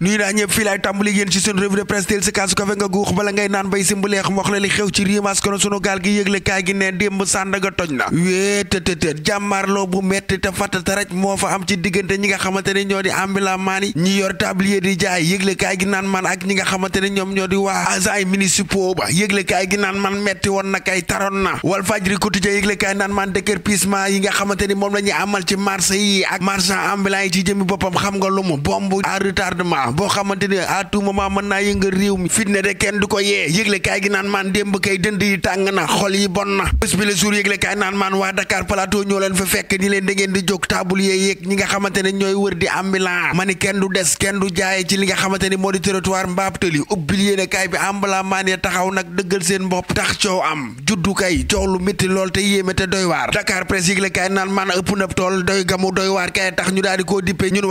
nuyu naa ñëpp fii laay tàmbali yéen ci sunu revue de presse teel si kaasu kafe nga guux bala ngay naan bay si mbaleex wax la li xew ci riimaas kono sunu gaal gi yëgle gi ne démb sàndaga toj na wée tëtëtët jàmmaarloo bu metti te fatta te moo fa am ci diggante ñi nga xamante ne ñoo di ambulanmaan yi ñi yor tablier di jaay yëgle gi naan man ak ñi nga xamante ne ñoom ñoo di waa agents municipaux ba yëglekaay gi naan man metti woon na kay taroon na wal fajri quotidien yëgle kaay naan man déguerpissement yi nga xamante ni moom la ñuy amal ci marché yi ak marchand ambulant yi ci jëmi boppam xam nga lu mu bombe à retardement violent boo xamante ne à tout moment mën naa yëngal réew mi fitne de kenn du ko yee yëgle gi naan maan démb kay dënd yi tàng na xol yi bon na bés bi le naan maan waa Dakar Plateau ñoo leen fa fekk ni leen da di jóg taabul yee yéeg ñi nga xamante ñooy wër di ambulant ma ni kenn du des kenn du jaay ci li nga xamante ni moo di territoire mbaab tëli ubbil yéene kaay bi ambulant maan ya taxaw nag dëggal seen bopp tax coow am juddu kay coow di koo dippe ñun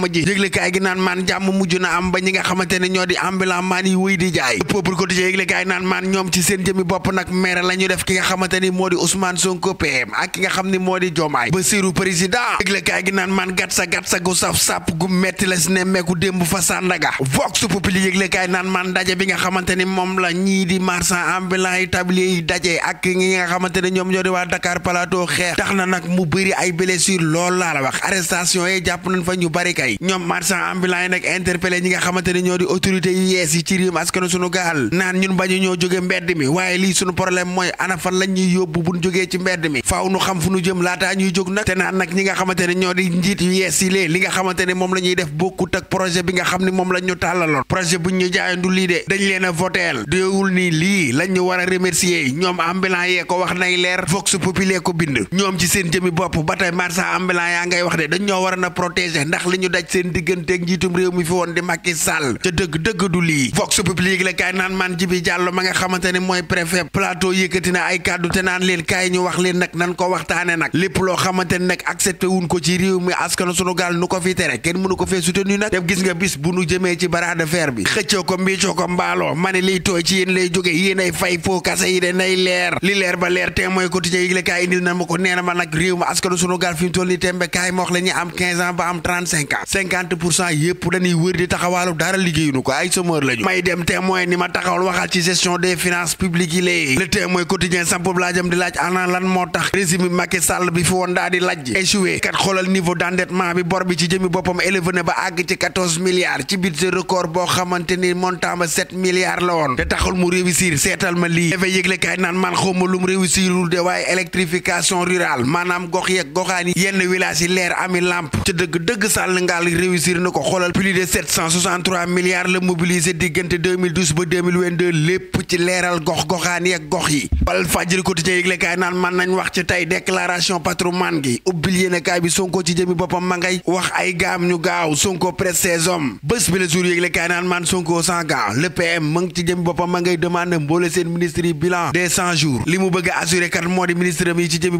ma ji yëglekaay gi naan maan jàmm mujj na am ba ñi nga xamante ne ñoo di ambulant maan ñoom sa gat sa gu saf sàpp gu metti la si ne meeku démb fa Sandaga vox populi yëglekaay naan maan daje bi nga xamante ni moom la ñii di marchand ambulant yi tablier yi daje ak ñi nga xamante ñoo di waa Dakar Plateau xeex tax na nag mu bëri ay blessure lool laa la wax arrestation yi jàpp nañ fa ñu bari kay ñoom marchand ambulant yi nag interpellé ñi nga xamante ne ñoo di autorité yi yees yi ci réew askanu sunu gaal naan ñun bañu ñoo jóge mbedd mi waaye lii sunu problème mooy ana fan yóbbu buñ jógee ci mbedd mi faaw nu xam fu nu jëm laataa ñuy jóg nag ñi nga xamante ne ñoo di njiit yu yees yi lee li nga xamante moom la ñuy def bokkut ak projet bi nga xam ne moom lañ ñu tàllaloon projet buñ ñu jaayandu lii de dañ leen a voteel déewul nii lii lañ ñu a remercier ko wax nay leer vox populaire ko bind ñoom ci seen jëmi bopp ba tey a daj seen digganteeg njiitum réew mi fi woon di Macky Sall te dëgg dëgg du lii vox publique naan man Jibi Jàllo ma nga xamante ne mooy préfet plateau yëkkati na ay kàddu te naan leen kaay ñu wax leen nag nan ko waxtaane nag lépp loo xamante ne nag accepté wuñ ko ci réew mi askanu sunu gaal nu ko fi tere kenn mënu ko fee soutenu nag def bu nu jëmee ci bara de fer ko mbiicoo ko mbaaloo ma ne liy tooy ci yéen lay jóge yéen ay ba leer te mooy quotidien yëgle kaay indil ko fi mu toll nii tembe kaay am 15 ans ba am 35 vacances cinquante pour cent yëpp dañuy di taxawaalu dara liggéeyunu ko ay chômeur lañu may dem témoin ni ma taxawal waxal ci gestion des finances publiques yi lée le témoin quotidien sampub di laaj ana lan moo tax régime Macky Sall bi fi woon daa di laaj échoué kat xoolal niveau d'endettement bi bor ci jëmi boppam élevé ba àgg ci quatorze milliards ci budget record boo xamante ni montant ba sept la woon te taxul mu réussir seetal ma lii dafay yëgle kaay naan man xawma lu Sénégal réussir na ko xoolal plus de 763 la mobilisé diggante ba lépp ci leeral gox goxaan yi gox yi wal fajri quotidien yëgle kaay naan man nañ wax ci tey déclaration patrimoine gi ubbil yéen kaay bi Sonko ci jëmi boppam ma ngay wax ay gaam ñu gaaw Sonko presse ses bés bi la jour yëgle kaay naan man Sonko sans gaaw PM ma ci jëmi boppam ma ngay demande mboole seen ministre yi bilan des li mu bëgg a moo di ministre yi ci jëmi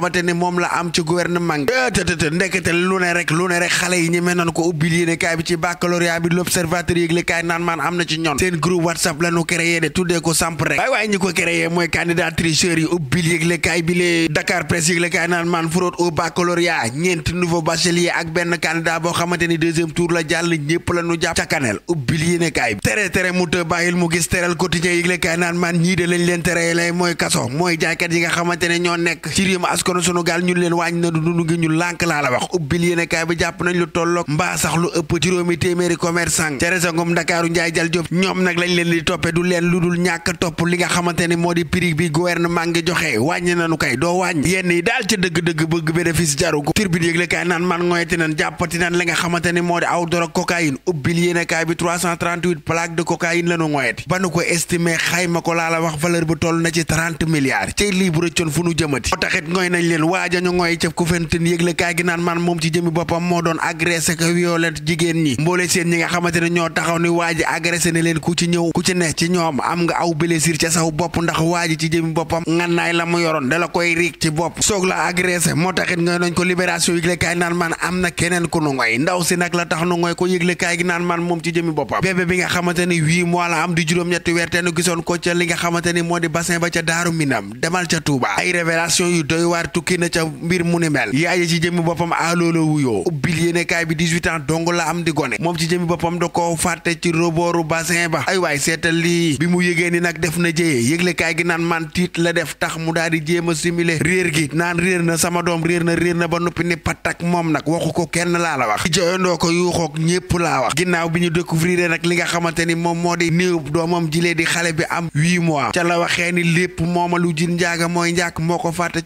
xamante ne moom la am ci gouvernement eh, tëtëtë ndekete lu ne rek lu ne rek xale yi ñemee nañ ko ubbil yéene kaay bi ci baccalauréat bi l'observateur yégle kaay naan maan am na ci ñoon seen groupe whatsapp la ñu créé de tuddee ko samp rek waaye waaye ñi ko créé mooy candidat yi ubbil yégle kaay bi lee Dakar presse yégle kaay naan maan fraude au baccalauréat ñeent nouveau bachelier ak benn candidat boo xamante ni deuxième tour la jàll ñëpp la ñu jàpp cakaneel ubbil yéene kaay bi tere tere mu të bàyyil mu gis teral quotidien yégle kaay naan maan ñii lañ leen tere lay mooy kaso mooy yi nga xamante ne ñoo nekk askanu sunu gaal ñun leen wàññ na du dund gi ñun lànk laa la wax ubbil yéenekaay bi jàpp nañ lu tolloog mbaa sax lu ëpp juróomi téeméeri commerçant Theresa Ngom Ndakaaru Njaay Jal Jóob ñoom nag lañ leen di toppe du leen lu dul ñàkk topp li nga xamante moo di prix bi gouvernement ngi joxe wàññi nanu kay doo wàññ yenn yi daal ca dëgg-dëgg bëgg bénéfice jaru ko turbine yëgle kaay naan man ngoyeti nan jàppati nan li nga xamante moo di aw dorog cocaïne waaja ñu ngooy ca ku fentin yëgle kaay gi naan man moom ci jëmi boppam moo doon agressé ko violent jigéen ñi mboole seen ñi nga xamante ñoo taxaw ni waaji agressé ne leen ku ci ñëw ku ci ne ci ñoom am nga aw blessure ca saw bopp ndax waaji ci jëmi boppam ngannaay la mu yoroon da la koy riig ci bopp soog la agressé moo taxit nga nañ ko libération yëgle kaay naan man am na keneen ku nu ngooy ndaw si nag la tax nu ngooy ko yëgle kaay gi naan tukki na ca mbir mu ni mel yaay ci jëmmi boppam aloola wuyoo ubbil yéenekaay bi 18 ans dong la am di gone moom ci jëmmi boppam da koo fàtte ci robooru bassin ba ay waay seetal lii bi mu yégée ni nag def na jéyee yëglekaay gi naan man tiit la def tax mu daal di jéem a simuler réer gi naan réer na sama doom réer na réer na ba noppi ni patak moom nag waxu ko kenn laa la wax joyandoo ko yuuxoog ñépp laa wax ginnaaw bi ñu découvrir nag li nga xamante ni moom moo di néewub doomam jilee di xale am 8 mois ca la waxee ni lépp mooma lu jin njaaga moo ko fàtte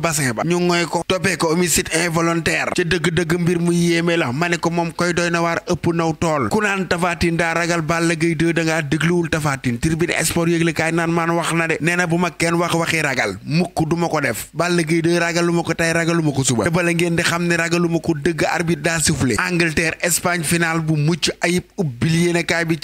bassin ba ñu ngoy ko toppee ko homicide involontaire ca dëgg-dëgg mbir mu yéeme la ma ne ko moom koy doy na waar ëpp naw tool ku naan tafaatin daa ragal Balla Gaye 2 da ngaa dégluwul tafaatin tribune sport yëgle naan maan wax na de nee bu ma kenn wax waxi ragal mukk du ma ko def Balla Gaye 2 ragalu ma ko tey ragalu ma ko suba te ngeen di xam ne ragalu ko dëgg arbitre daa sifflé Angleterre Espagne final bu mucc ayib ubbil yéene kaay bi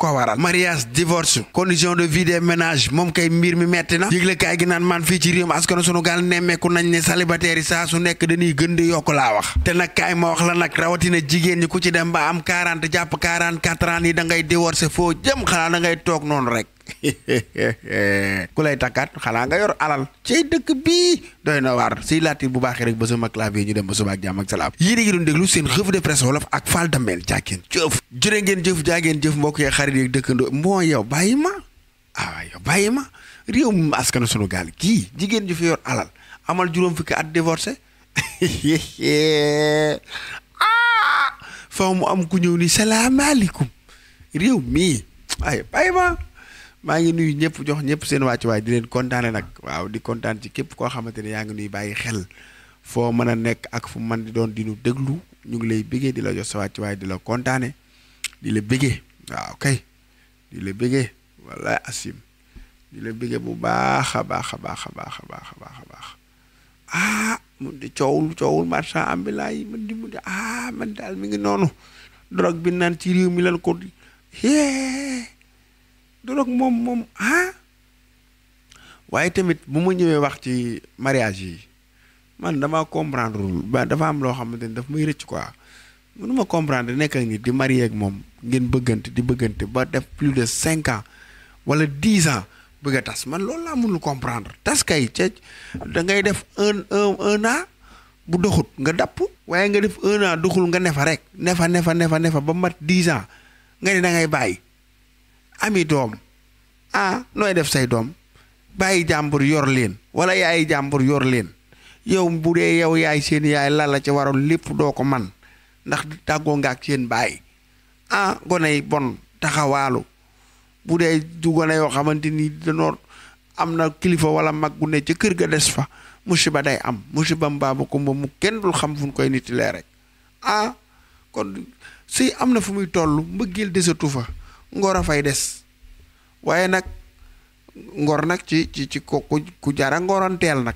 ko waral mariage divorce condition de vie des ménages moom kay mbir mi metti na yëgle kaay gi naan man fii ci réew mi askan sunu gaal nemmeeku nañ ne célibataire yi saa su nekk dañuy gën di yokk laa wax te nag kaay ma wax la nag rawatina jigéen ñi ku ci dem ba am 40 jàpp 44 ans yi da ngay divorce foo jëm xanaa da ngay toog noonu rek ku lay takkaat xalaa nga yor alal ci dëkk bii doy na waar si laati bu baaxee rek ba sama clavier ñu dem ba sama ak jàmm ak salaam yéen a ngi doon déglu seen revue de presse wolof ak Fall Damel jaageen jëf jërë ngeen jëf jaageen jëf mbokk yee xarit yeeg dëkkandoo moo yow bàyyi ma ah yow bàyyi ma réew mu askanu sunu kii jigéen ju fi yor alal amal juróom fukki at divorcé ah faw mu am ku ay bàyyi ma maa ngi nuyu ñëpp jox ñëpp seen wàccuwaay di leen kontaane nag waaw di kontaan ci képp koo xamante ne yaa ngi nuy bàyyi xel foo mën a nekk ak fu man di doon di nu déglu ñu ngi lay biggee di la jox sa waaye di la kontaane di la bëggee waaw kay di la bëggee wala asim di la bëggee bu baax a baax a baax a baax a baax a baax a baax ah mun di coowul coowul marchand ambulant mun di mun di ah man daal mi ngi noonu drogue bi naan ci réew mi lan ko di dorog moom moom ah waaye tamit bu ma ñëwee wax ci mariage yi man dama comprendre ba dafa am loo xamante ni daf may rëcc quoi mënu ma comprendre nekkal nit di marié ak moom ngeen bëggante di bëggante ba def plus de cinq ans wala dix ans bëgg a tas man loolu laa mënul comprendre tas kay ca da ngay def un un bu doxut nga dapp waaye nga def un an doxul nga nefa rek nefa nefa nefa nefa ba mat dix ans nga ne da ngay bàyyi. ami doom ah nooy def say doom bàyyi jàmbur yor leen wala yaay jàmbur yor leen yow bu dee yow yaay seen yaay la la ci waroon lépp doo ko man ndax tàggoo nga ak seen baay ah goney bon taxawaalu bu dee du gone yoo xamante ni danoo am na kilifa wala mag gu ne ca kër ga des fa musiba day am musiba mbaaba kumba mu kenn dul xam fu ñu koy nitilee rek ah kon sëy am na fu muy toll mbëggeel desatu fa ngor a fay des waaye nag ngor nag ci ci ci ku ku jara ngoranteel nag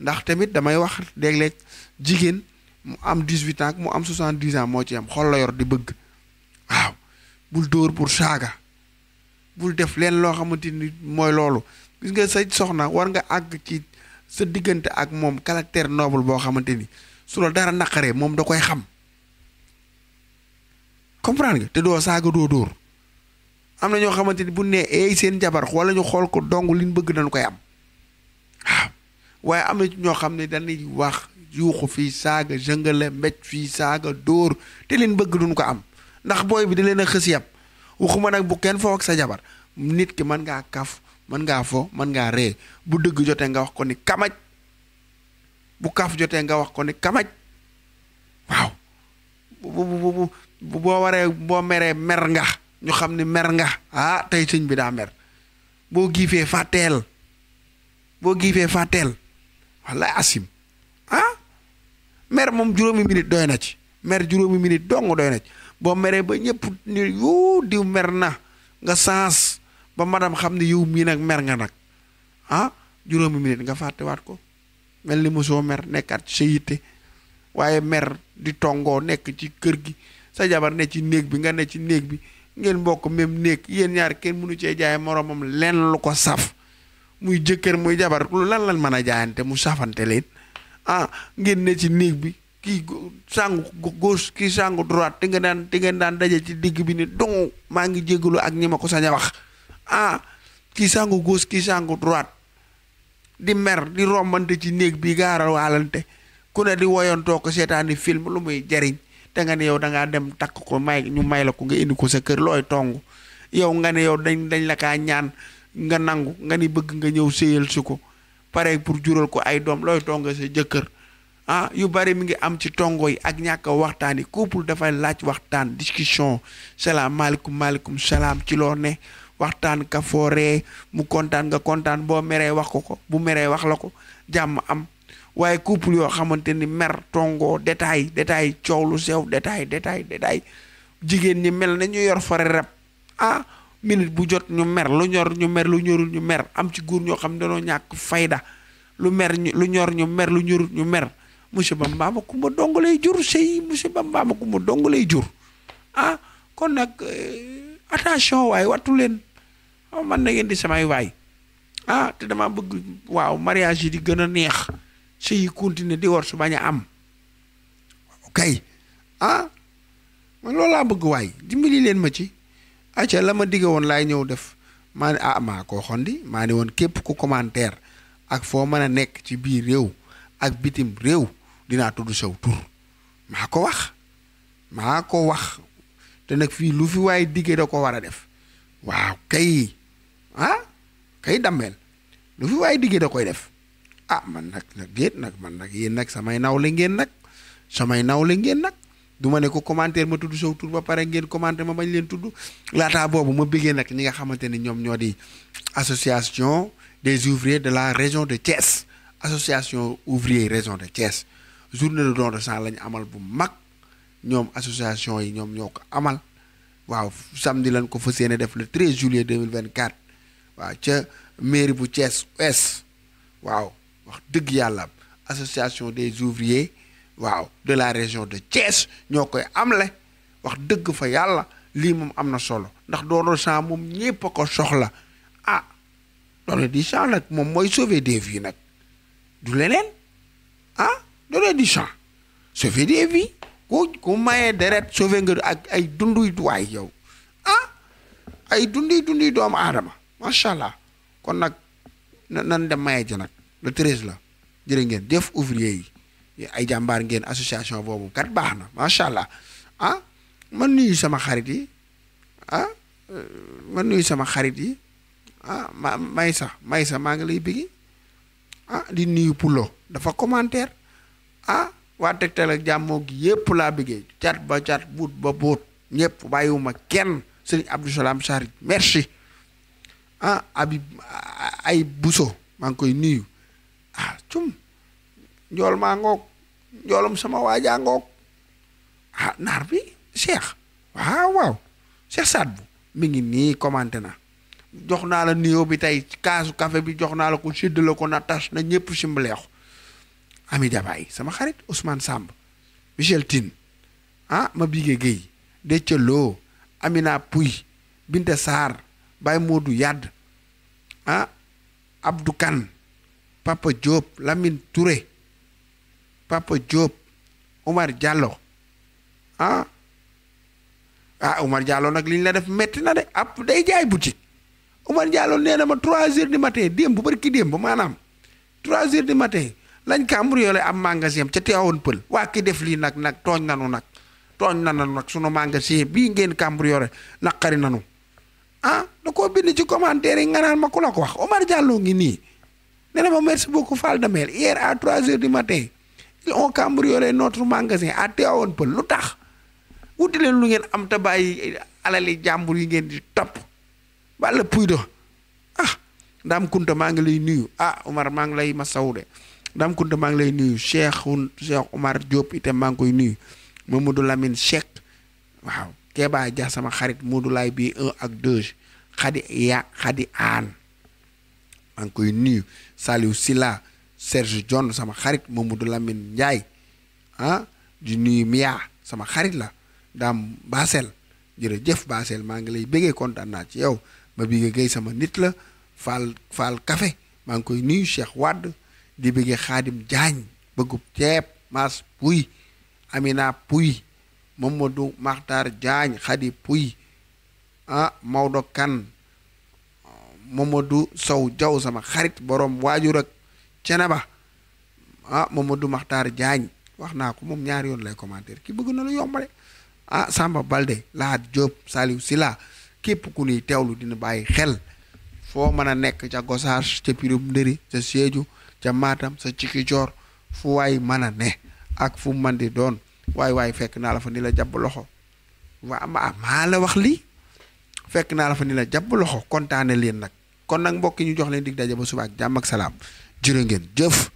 ndax tamit damay wax léeg-léeg jigéen mu am 18 ans mu am 70 ans moo ci am xol yor di bëgg bul dóor pour saaga bul def leen loo xamante ni mooy loolu gis nga sa soxna war nga àgg ci sa diggante ak moom caractère noble boo xamante ni su la dara naqaree moom da koy xam comprendre nga te doo saaga doo dóor am na ñoo xamante ni bu nee eey seen jabar wala ñu xool ko dong liñ bëgg nañ koy am waaw waaye am na ñoo xam ne dañuy wax yuuxu fii saaga jëngale mbéj fii saaga dóor te leen bëgg duñ ko am ndax booy bi da leen a xës yam waxuma nag bu kenn foo ak sa jabar nit ki mën ngaa kaf mën ngaa fo mën ngaa ree bu dëgg jotee nga wax ko ni kamaj bu kaf jotee nga wax ko ni kamaj waaw bu bu bu boo waree boo meree mer nga ñu xam ne mer nga ah tey sëñ bi daa mer boo giifee fàtteel boo giifee fàtteel wallaay asim ah mer moom juróomi minute doy na ci mer juróomi minute dong doy na ci boo meree ba ñëpp ni yu diw mer na nga sens ba madam xam ne yow mii nag mer nga nag ah juróomi minute nga fàttewaat ko mel ni mosoo mer nekkaat ci sa yitte waaye mer di tongoo nekk ci kër gi sa jabar ne ci néeg bi nga ne ci néeg bi ngeen bokk même néeg yéen ñaar kenn mënu cee jaay moromam lenn lu ko saf muy jëkkër muy jabar lu lan lan mën a jaayante mu safante leen ah ngeen ne ci néeg bi kii sàngu gauche kii sàngu droite te nga daan te nga daan daje ci digg bi ni dong maa ngi jégalu ak ñi ko sañ wax ah kii sàngu gauche kii sàngu droite di mer di rombante ci néeg bi gaara waalante ku ne di woyantoo ko seetaani film lu muy jariñ te nga ne yow dangaa dem takk ko may ñu may la ko nga indi ko sa kër looy tong yow nga ne yow dañ dañ la kaa ñaan nga nangu nga ni bëgg nga ñëw séyal si ko pare pour jural ko ay doom looy tong sa jëkkër ah yu bari mu ngi am ci tongo yi ak ñàkk waxtaan yi couple dafay laaj waxtaan discussion salaam maaleykum maaleykum salaam ci loo ne waxtaan ka mu kontaan nga kontaan boo meree wax ko ko bu meree wax la ko jàmm am waaye couple yoo xamante ni mer tongoo détail détail coow lu sew détail détail détail jigéen ñi mel na ñu yor fari rab ah minute bu jot ñu mer lu ñor ñu mer lu ñorul ñu mer am ci góor ñoo xam ne dañoo ñàkk fayda lu mer lu ñor ñu mer lu ñorul ñu mer musiba mbaama ku ma dong lay jur sëy musiba mbaama ku ma dong lay jur ah kon nag euh, attention waay wattu leen oh, man na ngeen di samay waay ah te dama bëgg waaw mariage yi di gën a neex sëy yi continuer di wor su bañ a am ok ah man loolu laa bëgg waay dimbali leen ma ci acca la ma digg woon laay ñëw def maa ne ah maa koo xondi maa ne woon képp ku commentaire ak foo mën a nekk ci biir réew ak bitim réew dinaa tudd saw tur maa ko wax maa ko wax te nag fii lu fi waaye diggee da ko war a def waaw kay ah kay dammeel lu fi waaye diggee da koy def ah man nag nag déet nag man nag yéen nag samay nawle ngeen nag samay nawle ngeen nag du ma ne ko commentaire ma tudd sow tur ba pare ngeen commenté ma mañ leen tudd laataa boobu ma bëggee nag ñi nga xamante ne ñoom ñoo di association des ouvriers de la région de Thiès association ouvrier région de Thiès journée de don de sang la ñu amal bu mag ñoom association yi ñoom ñoo ko amal waaw samedi lañ ko fas yéene def le 13 juillet 2024 waaw ca mairie bu Thiès Ouest waaw wax dëgg yàlla association des ouvriers waaw de la région de Thiès ñoo koy amle wax dëgg fa yàlla lii moom am na solo ndax don sang moom ñépp ko soxla ah don di nag moom mooy sauver des vies nag du leneen ah don di sauver des vies ku ku mayee deret sauvé nga ak ay dunduy waay yow ah ay dunduy dunduy doomu aadama macha allah kon nag na dem mayee ji nag le la jërë ngeen def ouvrier yi ay jàmbaar ngeen association boobu kat baax na macha allah ah man nuyu sama xarit yi ah man nuyu sama xarit yi ah ma may sax may sax maa ngi lay bigi ah di nuyu Pulo dafa commentaire ah, waa Tektal ak jàmmoo gi yépp laa bëggee cat ba cat buut ba buut ñëpp bàyyiwuma kenn sëriñ Abdou Salam Sarr merci ah Habib ay Bousso maa ngi koy nuyu ah cum njool maa ngoog njoolum sama waajaa ngoog ah naar bi Cheikh waaw waaw Cheikh Saad bu mi ngi nii commenté na jox naa la nuyoo bi tey kaasu café bi jox naa la ko sédd la ko na tas na ñëpp simbaleexu Ami Jabaay sama xarit Ousmane Samb Michel Tine ah ma bigee Guèye Déthié Lo Amina Pouy Binte Sarr Baye Modou Yadd ah Abdou Kane Papa Diop Lamine Touré Papa joob Omar Diallo ah ah Omar Diallo nag liñ ñu la def metti na de ab day jaay boutique Omar Diallo nee na ma trois heures du matin démb ba bari démb maanaam trois heures du matin lañ cambriolé am magasin ca Tivaouane Peulh waa ki def lii nag nag tooñ nanu nag tooñ nanu nag sunu magasin bii ngeen cambriolé naqari nanu ah da koo bind ci commentaire yi nga naan ko wax Omar Diallo ngi nii nee na ma merci magasin à lu tax wuti leen lu ngeen am te bàyyi alali jàmbur yi ngeen di topp bala puy do ah Dame Kunta maa ngi lay nuyu ah Omar maa ngi lay masawu de Dame Kounta maa ngi lay nuyu Cheikh Cheikh Omar Diop itam maa ngi koy nuyu Mamadou Lamine Cheikh waaw Kéba Dia sama xarit Modou Laye bi un ak deux Khady Ya Khady Aan maa ngi koy nuyu Saliou Silla Serge John sama xarit Mamadou Lamine Ndiaye ah di nuyu Mia sama xarit la Dame Basel jëf Basel maa ngi lay bëggee kontaan naa ci yow ba bi nga géy sama nit la Fall Fall Café maa ngi koy nuyu Cheikh Wade di bëggee xaadim jaañ bëggub ceeb maas puy amina puy mamadou maxtaar jaañ xadi puy ah Maodo kan du sow jaw sama xarit boroom waajur ak ceneba ah du maxtaar jaañ wax naa ko moom ñaari yoon lay commentaire ki bëgg na lu yombale ah Samba Balde Lahat Diop Saliou Sila képp ku nuy teewlu dina bàyyi xel foo mën a nekk ca Gossas ca Pirum Ndëri ca Sédhiou ca Matam sa ciki joor fu waay mën ne ak fu man di doon waaye waay fekk naa la fa ni la jàpp loxo waa ma ah, maa la wax li fekk naa la fa ni la jàpp loxo kontaane leen nag kon nag mbokk ñu jox leen dig daje ba suba ak jàmm ak salaam jërë ngeen jëf